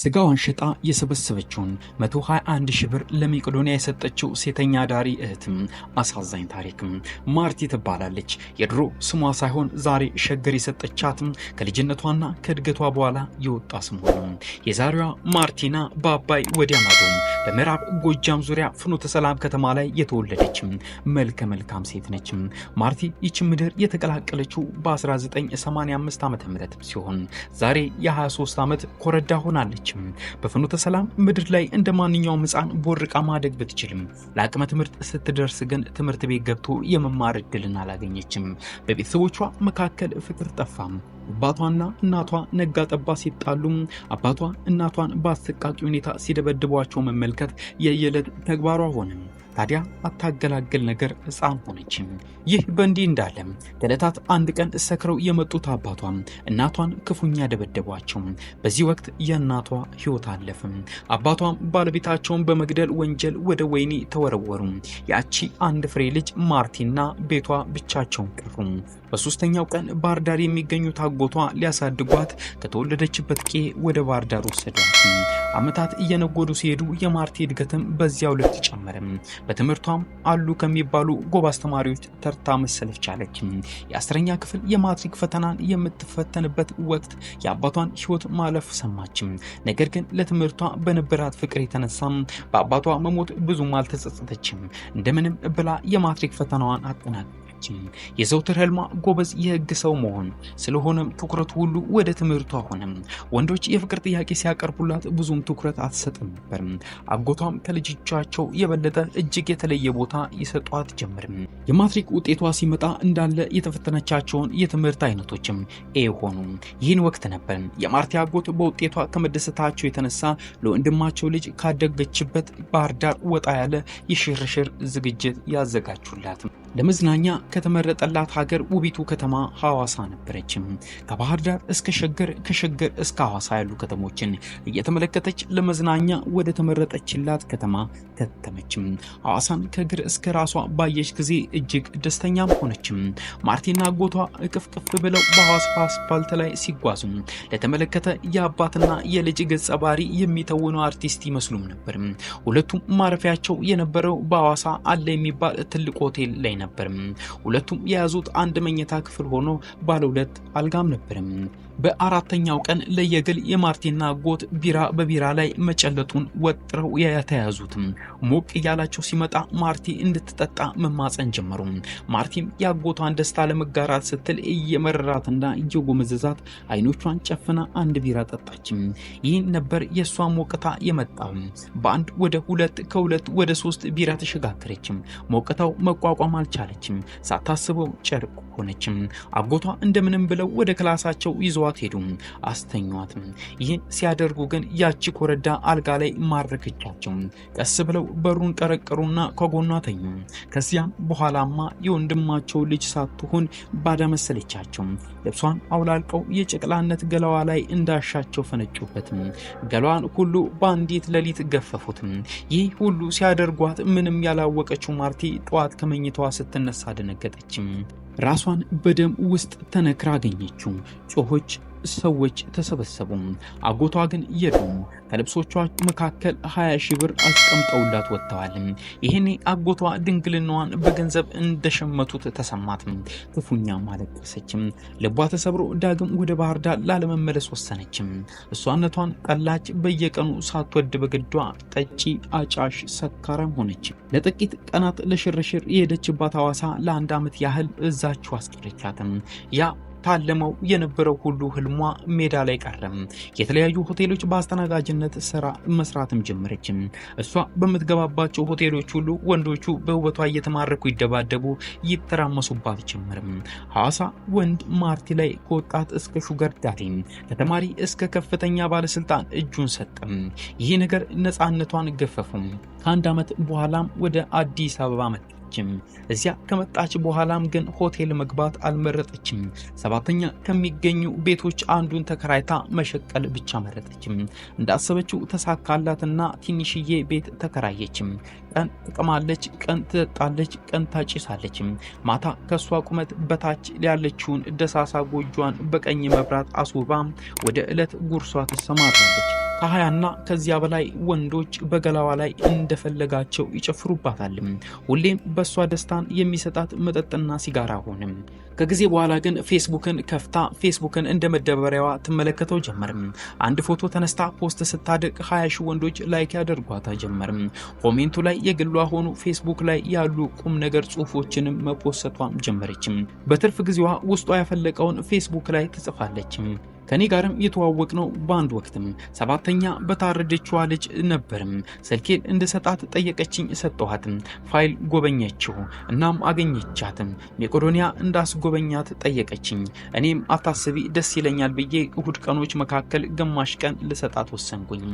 ስጋዋን ሽጣ የሰበሰበችውን 121 ሺ ብር ለመቄዶንያ የሰጠችው ሴተኛ ዳሪ እህትም አሳዛኝ ታሪክም ማርቲ ትባላለች። የድሮ ስሟ ሳይሆን ዛሬ ሸገር የሰጠቻትም ከልጅነቷና ከእድገቷ በኋላ የወጣ ስም ሆኖ የዛሬዋ ማርቲና በአባይ ወዲያ ማዶም በምዕራብ ጎጃም ዙሪያ ፍኖተ ሰላም ከተማ ላይ የተወለደችም መልከ መልካም ሴት ነች ማርቲ ይች ምድር የተቀላቀለችው በ1985 ዓ ም ሲሆን ዛሬ የ23 ዓመት ኮረዳ ሆናለች በፍኖተ ሰላም ምድር ላይ እንደ ማንኛውም ህፃን ቦርቃ ማደግ ብትችልም ለአቅመ ትምህርት ስትደርስ ግን ትምህርት ቤት ገብቶ የመማር እድልን አላገኘችም። በቤተሰቦቿ መካከል ፍቅር ጠፋም። አባቷና እናቷ ነጋ ጠባ ሲጣሉ አባቷ እናቷን በአሰቃቂ ሁኔታ ሲደበድቧቸው መመልከት የየዕለት ተግባሯ ሆነ። ታዲያ አታገላግል ነገር ህፃን ሆነችም። ይህ በእንዲህ እንዳለም ከዕለታት አንድ ቀን ሰክረው የመጡት አባቷ እናቷን ክፉኛ ደበደቧቸው። በዚህ ወቅት የእናቷ ህይወት አለፍም። አባቷም ባለቤታቸውን በመግደል ወንጀል ወደ ወይኒ ተወረወሩ። ያቺ አንድ ፍሬ ልጅ ማርቲና ቤቷ ብቻቸውን ቀሩ። በሶስተኛው ቀን ባህርዳር የሚገኙት አጎቷ ሊያሳድጓት ከተወለደችበት ቄ ወደ ባህርዳር ዳር ወሰዷት። ዓመታት እየነጎዱ ሲሄዱ የማርቲ እድገትም በዚያው ልክ ጨመረም። በትምህርቷም አሉ ከሚባሉ ጎብ አስተማሪዎች ተርታ መሰለፍ ቻለች። የአስረኛ ክፍል የማትሪክ ፈተናን የምትፈተንበት ወቅት የአባቷን ሕይወት ማለፍ ሰማችም። ነገር ግን ለትምህርቷ በነበራት ፍቅር የተነሳም በአባቷ መሞት ብዙም አልተጸጸተችም። እንደምንም ብላ የማትሪክ ፈተናዋን አጠናቀ አልቻለችም። የዘውትር ህልሟ ጎበዝ የህግ ሰው መሆን ስለሆነም ትኩረቱ ሁሉ ወደ ትምህርቷ ሆነም። ወንዶች የፍቅር ጥያቄ ሲያቀርቡላት ብዙም ትኩረት አትሰጥም ነበር። አጎቷም ከልጆቻቸው የበለጠ እጅግ የተለየ ቦታ ይሰጧት ጀመርም። የማትሪክ ውጤቷ ሲመጣ እንዳለ የተፈተነቻቸውን የትምህርት አይነቶችም ኤ ሆኑ። ይህን ወቅት ነበር የማርቲ አጎት በውጤቷ ከመደሰታቸው የተነሳ ለወንድማቸው ልጅ ካደገችበት ባህር ዳር ወጣ ያለ የሽርሽር ዝግጅት ያዘጋጁላት። ለመዝናኛ ከተመረጠላት ሀገር ውቢቱ ከተማ ሐዋሳ ነበረችም። ከባህር ዳር እስከ ሸገር፣ ከሸገር እስከ ሐዋሳ ያሉ ከተሞችን እየተመለከተች ለመዝናኛ ወደ ተመረጠችላት ከተማ ከተመችም። ሐዋሳን ከእግር እስከ ራሷ ባየች ጊዜ እጅግ ደስተኛም ሆነችም። ማርቲና አጎቷ እቅፍቅፍ ብለው በሐዋሳ አስፋልት ላይ ሲጓዙ ለተመለከተ የአባትና የልጅ ገጸ ባህሪ የሚተውነው አርቲስት ይመስሉም ነበር። ሁለቱም ማረፊያቸው የነበረው በሐዋሳ አለ የሚባል ትልቅ ሆቴል ላይ ነበርም። ሁለቱም የያዙት አንድ መኝታ ክፍል ሆኖ ባለ ሁለት አልጋም ነበርም። በአራተኛው ቀን ለየግል የማርቲና ጎት ቢራ በቢራ ላይ መጨለጡን ወጥረው የተያዙትም ሞቅ እያላቸው ሲመጣ ማርቲ እንድትጠጣ መማፀን ጀመሩ። ማርቲም የአጎቷን ደስታ ለመጋራት ስትል እየመረራትና እየጎመዘዛት አይኖቿን ጨፍና አንድ ቢራ ጠጣችም። ይህ ነበር የእሷ ሞቅታ የመጣው። በአንድ ወደ ሁለት ከሁለት ወደ ሶስት ቢራ ተሸጋገረችም። ሞቅታው መቋቋም አልቻለችም። ሳታስበው ጨርቅ ሆነችም። አጎቷ እንደምንም ብለው ወደ ክላሳቸው ይዘዋል ይዘዋት ሄዱ፣ አስተኟት። ይህን ሲያደርጉ ግን ያቺ ኮረዳ አልጋ ላይ ማረከቻቸው። ቀስ ብለው በሩን ቀረቀሩና ከጎኗ ተኙ። ከዚያም በኋላማ የወንድማቸው ልጅ ሳትሆን ባዳ መሰለቻቸው። ልብሷን አውላልቀው የጨቅላነት ገላዋ ላይ እንዳሻቸው ፈነጩበት። ገላዋን ሁሉ በአንዲት ሌሊት ገፈፉት። ይህ ሁሉ ሲያደርጓት ምንም ያላወቀችው ማርቲ ጠዋት ከመኝታዋ ስትነሳ ደነገጠችም። ራሷን በደም ውስጥ ተነክራ አገኘችው። ጮሆች ሰዎች ተሰበሰቡ። አጎቷ ግን የሉም። ከልብሶቿ መካከል 20 ሺህ ብር አስቀምጠውላት ወጥተዋል። ይሄኔ አጎቷ ድንግልናዋን በገንዘብ እንደሸመቱት ተሰማት። ክፉኛ ማለቀሰችም ልቧ ተሰብሮ ዳግም ወደ ባህር ዳር ላለመመለስ ወሰነችም። እሷነቷን ቀላች። በየቀኑ ሳትወድ በግዷ ጠጪ፣ አጫሽ፣ ሰካራም ሆነች። ለጥቂት ቀናት ለሽርሽር የሄደችባት ሐዋሳ ለአንድ ዓመት ያህል እዛችሁ አስቀረቻትም ያ ታለመው የነበረው ሁሉ ህልሟ ሜዳ ላይ ቀረም። የተለያዩ ሆቴሎች በአስተናጋጅነት ስራ መስራትም ጀመረችም። እሷ በምትገባባቸው ሆቴሎች ሁሉ ወንዶቹ በውበቷ እየተማረኩ ይደባደቡ ይተራመሱባት ጀመርም። ሐዋሳ ወንድ ማርቲ ላይ ከወጣት እስከ ሹገር ዳዲ ከተማሪ እስከ ከፍተኛ ባለስልጣን እጁን ሰጠም። ይህ ነገር ነፃነቷን ገፈፉም። ከአንድ ዓመት በኋላም ወደ አዲስ አበባ መጣ። አልመረጠችም። እዚያ ከመጣች በኋላም ግን ሆቴል መግባት አልመረጠችም። ሰባተኛ ከሚገኙ ቤቶች አንዱን ተከራይታ መሸቀል ብቻ መረጠችም። እንዳሰበችው ተሳካላትና ትንሽዬ ቤት ተከራየችም። ቀን ትቅማለች፣ ቀን ትጠጣለች፣ ቀን ታጭሳለችም። ማታ ከእሷ ቁመት በታች ያለችውን ደሳሳ ጎጇን በቀኝ መብራት አስውባ ወደ ዕለት ጉርሷ ትሰማራለች። ከሀያና ከዚያ በላይ ወንዶች በገላዋ ላይ እንደፈለጋቸው ይጨፍሩባታል። ሁሌም በእሷ ደስታን የሚሰጣት መጠጥና ሲጋራ ሆንም። ከጊዜ በኋላ ግን ፌስቡክን ከፍታ ፌስቡክን እንደ መደበሪያዋ ትመለከተው ጀመርም። አንድ ፎቶ ተነስታ ፖስት ስታደቅ ሀያ ሺህ ወንዶች ላይክ ያደርጓታ ጀመርም። ኮሜንቱ ላይ የግሏ ሆኑ ፌስቡክ ላይ ያሉ ቁም ነገር ጽሁፎችንም መፖሰቷም ጀመረችም። በትርፍ ጊዜዋ ውስጧ ያፈለቀውን ፌስቡክ ላይ ትጽፋለችም። ከኔ ጋርም የተዋወቅ ነው። በአንድ ወቅትም ሰባተኛ በታረደችዋ ልጅ ነበርም። ስልኬን እንድሰጣት ጠየቀችኝ፣ ሰጠኋትም። ፋይል ጎበኘችው፣ እናም አገኘቻትም። መቄዶንያ እንዳስጎበኛት ጠየቀችኝ። እኔም አታስቢ ደስ ይለኛል ብዬ እሁድ ቀኖች መካከል ግማሽ ቀን ልሰጣት ወሰንኩኝ።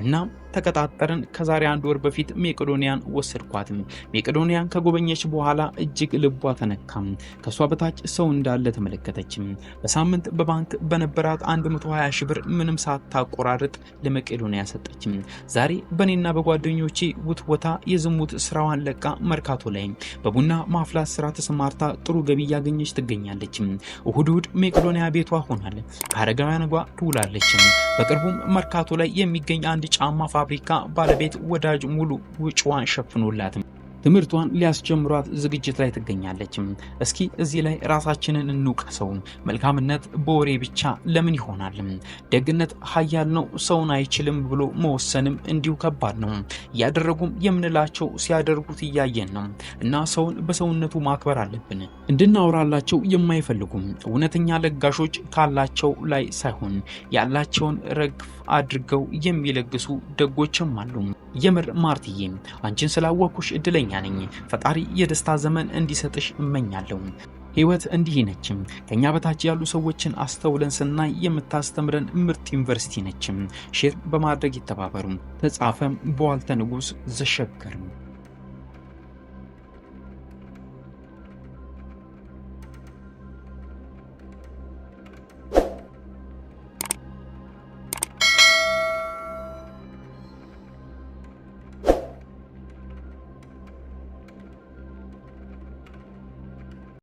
እናም ተቀጣጠርን። ከዛሬ አንድ ወር በፊት መቄዶንያን ወሰድኳትም። መቄዶንያን ከጎበኘች በኋላ እጅግ ልቧ ተነካም። ከእሷ በታች ሰው እንዳለ ተመለከተችም። በሳምንት በባንክ በነበራት ሰዓት 120 ሺህ ብር ምንም ሳታቆራርጥ ለመቄዶንያ ሰጠችም። ዛሬ በእኔና በጓደኞቼ ውትወታ የዝሙት ስራዋን ለቃ መርካቶ ላይ በቡና ማፍላት ስራ ተሰማርታ ጥሩ ገቢ እያገኘች ትገኛለች። እሁድ እሁድ መቄዶንያ ቤቷ ሆናል። ከአረጋውያን ጓ ትውላለች። በቅርቡም መርካቶ ላይ የሚገኝ አንድ ጫማ ፋብሪካ ባለቤት ወዳጅ ሙሉ ውጭዋን ሸፍኖላትም ትምህርቷን ሊያስጀምሯት ዝግጅት ላይ ትገኛለች። እስኪ እዚህ ላይ ራሳችንን እንውቀሰው። መልካምነት በወሬ ብቻ ለምን ይሆናል? ደግነት ኃያል ነው፣ ሰውን አይችልም ብሎ መወሰንም እንዲሁ ከባድ ነው። እያደረጉም የምንላቸው ሲያደርጉት እያየን ነው እና ሰውን በሰውነቱ ማክበር አለብን። እንድናወራላቸው የማይፈልጉም እውነተኛ ለጋሾች ካላቸው ላይ ሳይሆን ያላቸውን ረግፍ አድርገው የሚለግሱ ደጎችም አሉ። የምር ማርትዬ አንቺን ስላወኩሽ እድለኛ ደስተኛ ነኝ። ፈጣሪ የደስታ ዘመን እንዲሰጥሽ እመኛለሁ። ህይወት እንዲህ ነችም። ከኛ በታች ያሉ ሰዎችን አስተውለን ስናይ የምታስተምረን ምርጥ ዩኒቨርሲቲ ነችም። ሼር በማድረግ ይተባበሩ። ተጻፈም በዋልተ ንጉስ ዘሸገርም